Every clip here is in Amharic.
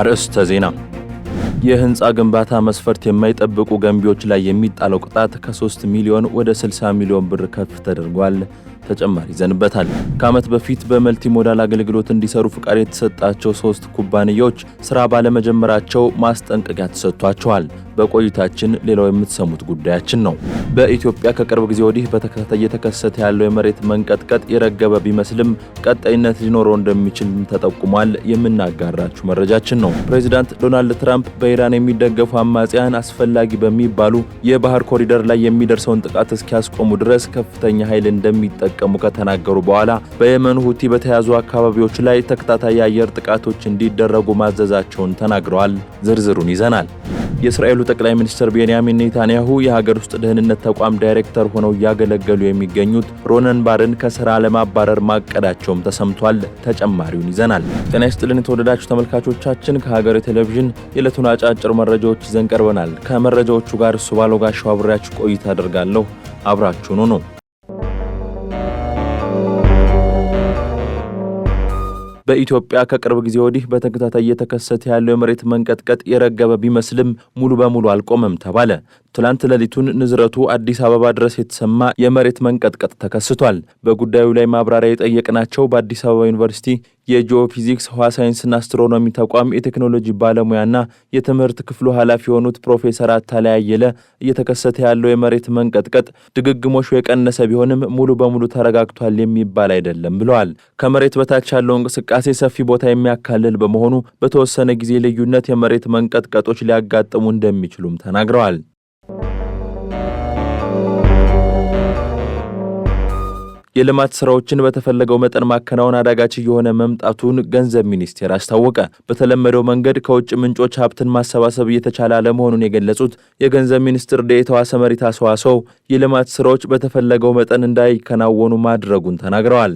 አርዕስተ ዜና የህንፃ ግንባታ መስፈርት የማይጠብቁ ገንቢዎች ላይ የሚጣለው ቅጣት ከ3 ሚሊዮን ወደ 60 ሚሊዮን ብር ከፍ ተደርጓል። ተጨማሪ ይዘንበታል። ከዓመት በፊት በመልቲ ሞዳል አገልግሎት እንዲሰሩ ፍቃድ የተሰጣቸው ሶስት ኩባንያዎች ስራ ባለመጀመራቸው ማስጠንቀቂያ ተሰጥቷቸዋል። በቆይታችን ሌላው የምትሰሙት ጉዳያችን ነው። በኢትዮጵያ ከቅርብ ጊዜ ወዲህ በተከታታይ እየተከሰተ ያለው የመሬት መንቀጥቀጥ የረገበ ቢመስልም ቀጣይነት ሊኖረው እንደሚችል ተጠቁሟል። የምናጋራችሁ መረጃችን ነው። ፕሬዚዳንት ዶናልድ ትራምፕ በኢራን የሚደገፉ አማጽያን አስፈላጊ በሚባሉ የባህር ኮሪደር ላይ የሚደርሰውን ጥቃት እስኪያስቆሙ ድረስ ከፍተኛ ኃይል እንደሚጠቀሙ ከተናገሩ በኋላ በየመን ሁቲ በተያዙ አካባቢዎች ላይ ተከታታይ የአየር ጥቃቶች እንዲደረጉ ማዘዛቸውን ተናግረዋል። ዝርዝሩን ይዘናል። የእስራኤሉ ጠቅላይ ሚኒስትር ቤንያሚን ኔታንያሁ የሀገር ውስጥ ደህንነት ተቋም ዳይሬክተር ሆነው እያገለገሉ የሚገኙት ሮነን ባርን ከስራ ለማባረር ማቀዳቸውም ተሰምቷል። ተጨማሪውን ይዘናል። ጤና ይስጥልን የተወደዳችሁ ተመልካቾቻችን፣ ከሀገሬ ቴሌቪዥን የዕለቱን አጫጭር መረጃዎች ይዘን ቀርበናል። ከመረጃዎቹ ጋር እሱ ባለው ጋሻው አብሬያችሁ ቆይታ አደርጋለሁ። አብራችሁኑ ነው በኢትዮጵያ ከቅርብ ጊዜ ወዲህ በተከታታይ እየተከሰተ ያለው የመሬት መንቀጥቀጥ የረገበ ቢመስልም ሙሉ በሙሉ አልቆመም ተባለ። ትላንት ሌሊቱን ንዝረቱ አዲስ አበባ ድረስ የተሰማ የመሬት መንቀጥቀጥ ተከስቷል። በጉዳዩ ላይ ማብራሪያ የጠየቅናቸው በአዲስ አበባ ዩኒቨርሲቲ የጂኦፊዚክስ ህዋ ሳይንስና አስትሮኖሚ ተቋም የቴክኖሎጂ ባለሙያና የትምህርት ክፍሉ ኃላፊ የሆኑት ፕሮፌሰር አታላይ አየለ እየተከሰተ ያለው የመሬት መንቀጥቀጥ ድግግሞሹ የቀነሰ ቢሆንም ሙሉ በሙሉ ተረጋግቷል የሚባል አይደለም ብለዋል። ከመሬት በታች ያለው እንቅስቃሴ ሰፊ ቦታ የሚያካልል በመሆኑ በተወሰነ ጊዜ ልዩነት የመሬት መንቀጥቀጦች ሊያጋጥሙ እንደሚችሉም ተናግረዋል። የልማት ስራዎችን በተፈለገው መጠን ማከናወን አዳጋች እየሆነ መምጣቱን ገንዘብ ሚኒስቴር አስታወቀ። በተለመደው መንገድ ከውጭ ምንጮች ሀብትን ማሰባሰብ እየተቻለ አለመሆኑን የገለጹት የገንዘብ ሚኒስትር ዴኤታዋ ሰመሪት ሰዋሰው የልማት ስራዎች በተፈለገው መጠን እንዳይከናወኑ ማድረጉን ተናግረዋል።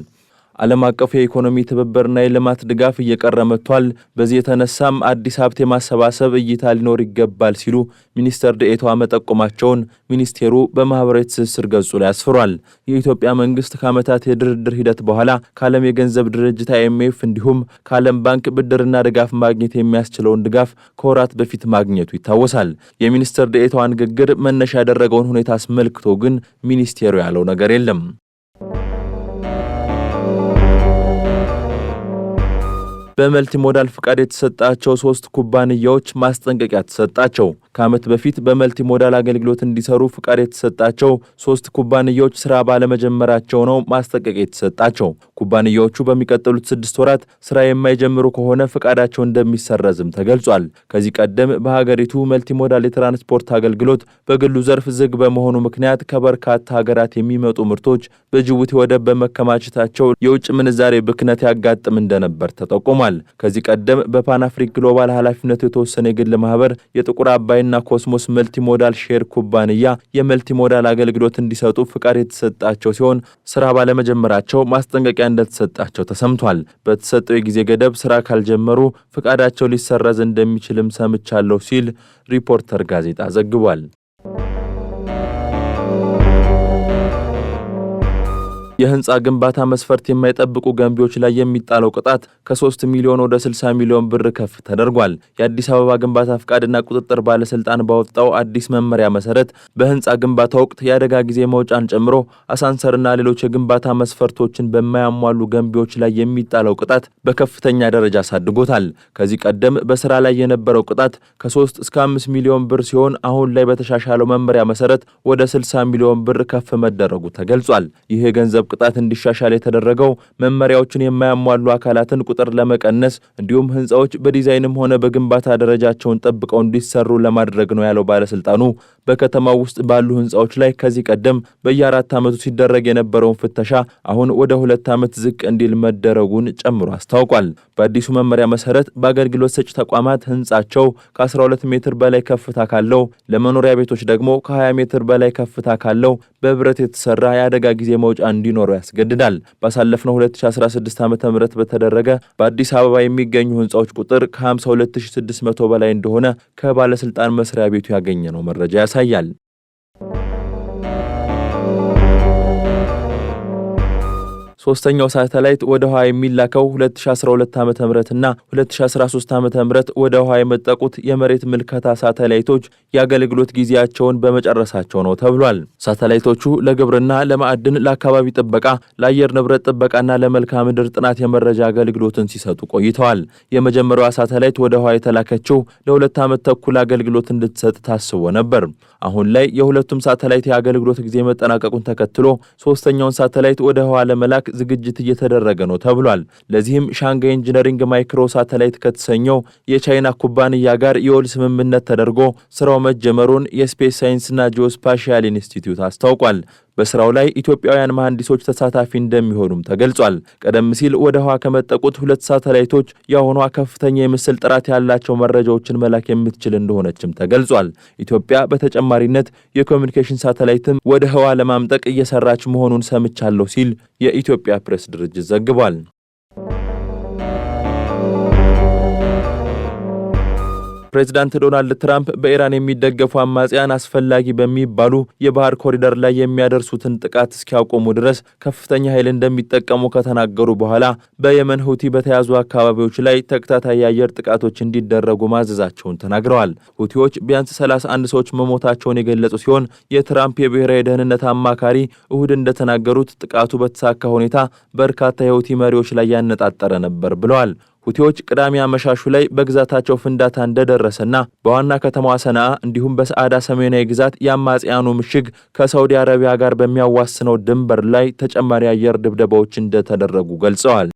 ዓለም አቀፉ የኢኮኖሚ ትብብርና የልማት ድጋፍ እየቀረ መጥቷል። በዚህ የተነሳም አዲስ ሀብት የማሰባሰብ እይታ ሊኖር ይገባል ሲሉ ሚኒስተር ደኤታዋ መጠቆማቸውን ሚኒስቴሩ በማኅበራዊ ትስስር ገጹ ላይ አስፍሯል። የኢትዮጵያ መንግስት ከዓመታት የድርድር ሂደት በኋላ ከዓለም የገንዘብ ድርጅት አይኤምኤፍ እንዲሁም ከዓለም ባንክ ብድርና ድጋፍ ማግኘት የሚያስችለውን ድጋፍ ከወራት በፊት ማግኘቱ ይታወሳል። የሚኒስተር ደኤታዋ ንግግር መነሻ ያደረገውን ሁኔታ አስመልክቶ ግን ሚኒስቴሩ ያለው ነገር የለም። በመልቲሞዳል ፍቃድ የተሰጣቸው ሶስት ኩባንያዎች ማስጠንቀቂያ ተሰጣቸው። ከዓመት በፊት በመልቲ ሞዳል አገልግሎት እንዲሰሩ ፍቃድ የተሰጣቸው ሶስት ኩባንያዎች ስራ ባለመጀመራቸው ነው ማስጠንቀቂያ የተሰጣቸው። ኩባንያዎቹ በሚቀጥሉት ስድስት ወራት ስራ የማይጀምሩ ከሆነ ፍቃዳቸው እንደሚሰረዝም ተገልጿል። ከዚህ ቀደም በሀገሪቱ መልቲ ሞዳል የትራንስፖርት አገልግሎት በግሉ ዘርፍ ዝግ በመሆኑ ምክንያት ከበርካታ ሀገራት የሚመጡ ምርቶች በጅቡቲ ወደብ በመከማቸታቸው የውጭ ምንዛሬ ብክነት ያጋጥም እንደነበር ተጠቁሟል። ከዚህ ቀደም በፓን አፍሪክ ግሎባል ኃላፊነቱ የተወሰነ የግል ማህበር የጥቁር አባይ ዱባይና ኮስሞስ መልቲሞዳል ሼር ኩባንያ የመልቲሞዳል አገልግሎት እንዲሰጡ ፍቃድ የተሰጣቸው ሲሆን ስራ ባለመጀመራቸው ማስጠንቀቂያ እንደተሰጣቸው ተሰምቷል። በተሰጠው የጊዜ ገደብ ስራ ካልጀመሩ ፍቃዳቸው ሊሰረዝ እንደሚችልም ሰምቻለሁ ሲል ሪፖርተር ጋዜጣ ዘግቧል። የህንፃ ግንባታ መስፈርት የማይጠብቁ ገንቢዎች ላይ የሚጣለው ቅጣት ከ3 ሚሊዮን ወደ 60 ሚሊዮን ብር ከፍ ተደርጓል። የአዲስ አበባ ግንባታ ፍቃድና ቁጥጥር ባለስልጣን ባወጣው አዲስ መመሪያ መሰረት በህንፃ ግንባታ ወቅት የአደጋ ጊዜ መውጫን ጨምሮ አሳንሰርና ሌሎች የግንባታ መስፈርቶችን በማያሟሉ ገንቢዎች ላይ የሚጣለው ቅጣት በከፍተኛ ደረጃ አሳድጎታል። ከዚህ ቀደም በስራ ላይ የነበረው ቅጣት ከ3 እስከ 5 ሚሊዮን ብር ሲሆን አሁን ላይ በተሻሻለው መመሪያ መሰረት ወደ 60 ሚሊዮን ብር ከፍ መደረጉ ተገልጿል። ይህ የገንዘብ ቅጣት እንዲሻሻል የተደረገው መመሪያዎችን የማያሟሉ አካላትን ቁጥር ለመቀነስ እንዲሁም ህንፃዎች በዲዛይንም ሆነ በግንባታ ደረጃቸውን ጠብቀው እንዲሰሩ ለማድረግ ነው ያለው ባለስልጣኑ በከተማው ውስጥ ባሉ ህንፃዎች ላይ ከዚህ ቀደም በየአራት ዓመቱ ሲደረግ የነበረውን ፍተሻ አሁን ወደ ሁለት ዓመት ዝቅ እንዲል መደረጉን ጨምሮ አስታውቋል። በአዲሱ መመሪያ መሰረት በአገልግሎት ሰጪ ተቋማት ህንጻቸው ከ12 ሜትር በላይ ከፍታ ካለው፣ ለመኖሪያ ቤቶች ደግሞ ከ20 ሜትር በላይ ከፍታ ካለው በብረት የተሰራ የአደጋ ጊዜ መውጫ እንዲኖረው ያስገድዳል። ባሳለፍነው 2016 ዓ ም በተደረገ በአዲስ አበባ የሚገኙ ህንፃዎች ቁጥር ከ52600 በላይ እንደሆነ ከባለስልጣን መስሪያ ቤቱ ያገኘነው መረጃ ያሳያል። ሶስተኛው ሳተላይት ወደ ህዋ የሚላከው 2012 ዓ ም እና 2013 ዓ ም ወደ ህዋ የመጠቁት የመሬት ምልከታ ሳተላይቶች የአገልግሎት ጊዜያቸውን በመጨረሳቸው ነው ተብሏል። ሳተላይቶቹ ለግብርና፣ ለማዕድን፣ ለአካባቢ ጥበቃ፣ ለአየር ንብረት ጥበቃና ለመልክዓ ምድር ጥናት የመረጃ አገልግሎትን ሲሰጡ ቆይተዋል። የመጀመሪያዋ ሳተላይት ወደ ህዋ የተላከችው ለሁለት ዓመት ተኩል አገልግሎት እንድትሰጥ ታስቦ ነበር። አሁን ላይ የሁለቱም ሳተላይት የአገልግሎት ጊዜ መጠናቀቁን ተከትሎ ሶስተኛውን ሳተላይት ወደ ህዋ ለመላክ ዝግጅት እየተደረገ ነው ተብሏል። ለዚህም ሻንጋይ ኢንጂነሪንግ ማይክሮ ሳተላይት ከተሰኘው የቻይና ኩባንያ ጋር የወል ስምምነት ተደርጎ ስራው መጀመሩን የስፔስ ሳይንስና ጂኦስፓሻል ኢንስቲትዩት አስታውቋል። በስራው ላይ ኢትዮጵያውያን መሐንዲሶች ተሳታፊ እንደሚሆኑም ተገልጿል። ቀደም ሲል ወደ ህዋ ከመጠቁት ሁለት ሳተላይቶች የአሁኗ ከፍተኛ የምስል ጥራት ያላቸው መረጃዎችን መላክ የምትችል እንደሆነችም ተገልጿል። ኢትዮጵያ በተጨማሪነት የኮሚኒኬሽን ሳተላይትም ወደ ህዋ ለማምጠቅ እየሰራች መሆኑን ሰምቻለሁ ሲል የኢትዮጵያ ፕሬስ ድርጅት ዘግቧል። ፕሬዚዳንት ዶናልድ ትራምፕ በኢራን የሚደገፉ አማጽያን አስፈላጊ በሚባሉ የባህር ኮሪደር ላይ የሚያደርሱትን ጥቃት እስኪያቆሙ ድረስ ከፍተኛ ኃይል እንደሚጠቀሙ ከተናገሩ በኋላ በየመን ሁቲ በተያዙ አካባቢዎች ላይ ተከታታይ የአየር ጥቃቶች እንዲደረጉ ማዘዛቸውን ተናግረዋል። ሁቲዎች ቢያንስ 31 ሰዎች መሞታቸውን የገለጹ ሲሆን የትራምፕ የብሔራዊ ደህንነት አማካሪ እሁድ እንደተናገሩት ጥቃቱ በተሳካ ሁኔታ በርካታ የሁቲ መሪዎች ላይ ያነጣጠረ ነበር ብለዋል። ሁቲዎች ቅዳሜ አመሻሹ ላይ በግዛታቸው ፍንዳታ እንደደረሰና በዋና ከተማዋ ሰናአ እንዲሁም በሰዓዳ ሰሜናዊ ግዛት የአማጽያኑ ምሽግ ከሳውዲ አረቢያ ጋር በሚያዋስነው ድንበር ላይ ተጨማሪ አየር ድብደባዎች እንደተደረጉ ገልጸዋል።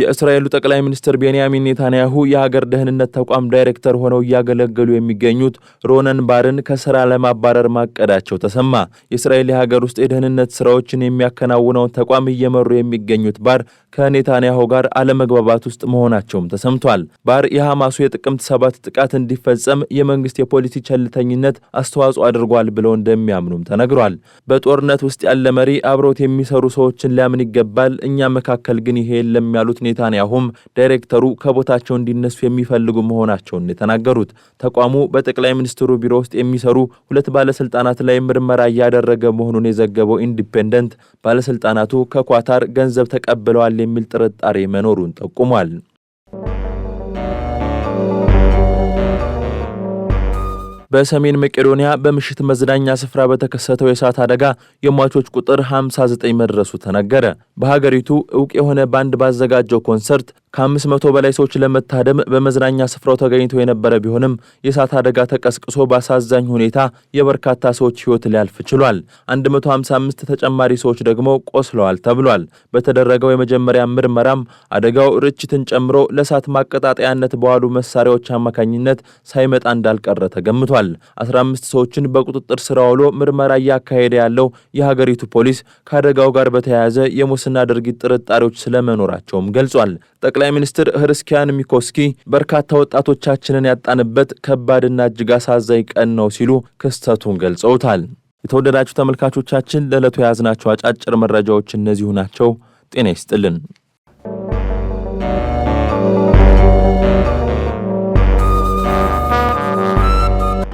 የእስራኤሉ ጠቅላይ ሚኒስትር ቤንያሚን ኔታንያሁ የሀገር ደህንነት ተቋም ዳይሬክተር ሆነው እያገለገሉ የሚገኙት ሮነን ባርን ከስራ ለማባረር ማቀዳቸው ተሰማ። የእስራኤል የሀገር ውስጥ የደህንነት ስራዎችን የሚያከናውነውን ተቋም እየመሩ የሚገኙት ባር ከኔታንያሁ ጋር አለመግባባት ውስጥ መሆናቸውም ተሰምቷል። ባር የሐማሱ የጥቅምት ሰባት ጥቃት እንዲፈጸም የመንግስት የፖሊሲ ቸልተኝነት አስተዋጽኦ አድርጓል ብለው እንደሚያምኑም ተነግሯል። በጦርነት ውስጥ ያለ መሪ አብሮት የሚሰሩ ሰዎችን ሊያምን ይገባል፣ እኛ መካከል ግን ይሄ የለም ያሉት ኔታንያሁም ዳይሬክተሩ ከቦታቸው እንዲነሱ የሚፈልጉ መሆናቸውን የተናገሩት ተቋሙ በጠቅላይ ሚኒስትሩ ቢሮ ውስጥ የሚሰሩ ሁለት ባለስልጣናት ላይ ምርመራ እያደረገ መሆኑን የዘገበው ኢንዲፔንደንት ባለስልጣናቱ ከኳታር ገንዘብ ተቀብለዋል የሚል ጥርጣሬ መኖሩን ጠቁሟል። በሰሜን መቄዶንያ በምሽት መዝናኛ ስፍራ በተከሰተው የእሳት አደጋ የሟቾች ቁጥር 59 መድረሱ ተነገረ። በሀገሪቱ እውቅ የሆነ ባንድ ባዘጋጀው ኮንሰርት ከ500 በላይ ሰዎች ለመታደም በመዝናኛ ስፍራው ተገኝቶ የነበረ ቢሆንም የእሳት አደጋ ተቀስቅሶ በአሳዛኝ ሁኔታ የበርካታ ሰዎች ሕይወት ሊያልፍ ችሏል። 155 ተጨማሪ ሰዎች ደግሞ ቆስለዋል ተብሏል። በተደረገው የመጀመሪያ ምርመራም አደጋው ርችትን ጨምሮ ለእሳት ማቀጣጠያነት በዋሉ መሳሪያዎች አማካኝነት ሳይመጣ እንዳልቀረ ተገምቷል። 15 ሰዎችን በቁጥጥር ስር አውሎ ምርመራ እያካሄደ ያለው የሀገሪቱ ፖሊስ ከአደጋው ጋር በተያያዘ የሙስ የሙስና ድርጊት ጥርጣሬዎች ስለመኖራቸውም ገልጿል። ጠቅላይ ሚኒስትር ህርስኪያን ሚኮስኪ በርካታ ወጣቶቻችንን ያጣንበት ከባድና እጅግ አሳዛኝ ቀን ነው ሲሉ ክስተቱን ገልጸውታል። የተወደዳችሁ ተመልካቾቻችን ለዕለቱ የያዝናቸው አጫጭር መረጃዎች እነዚሁ ናቸው። ጤና ይስጥልን።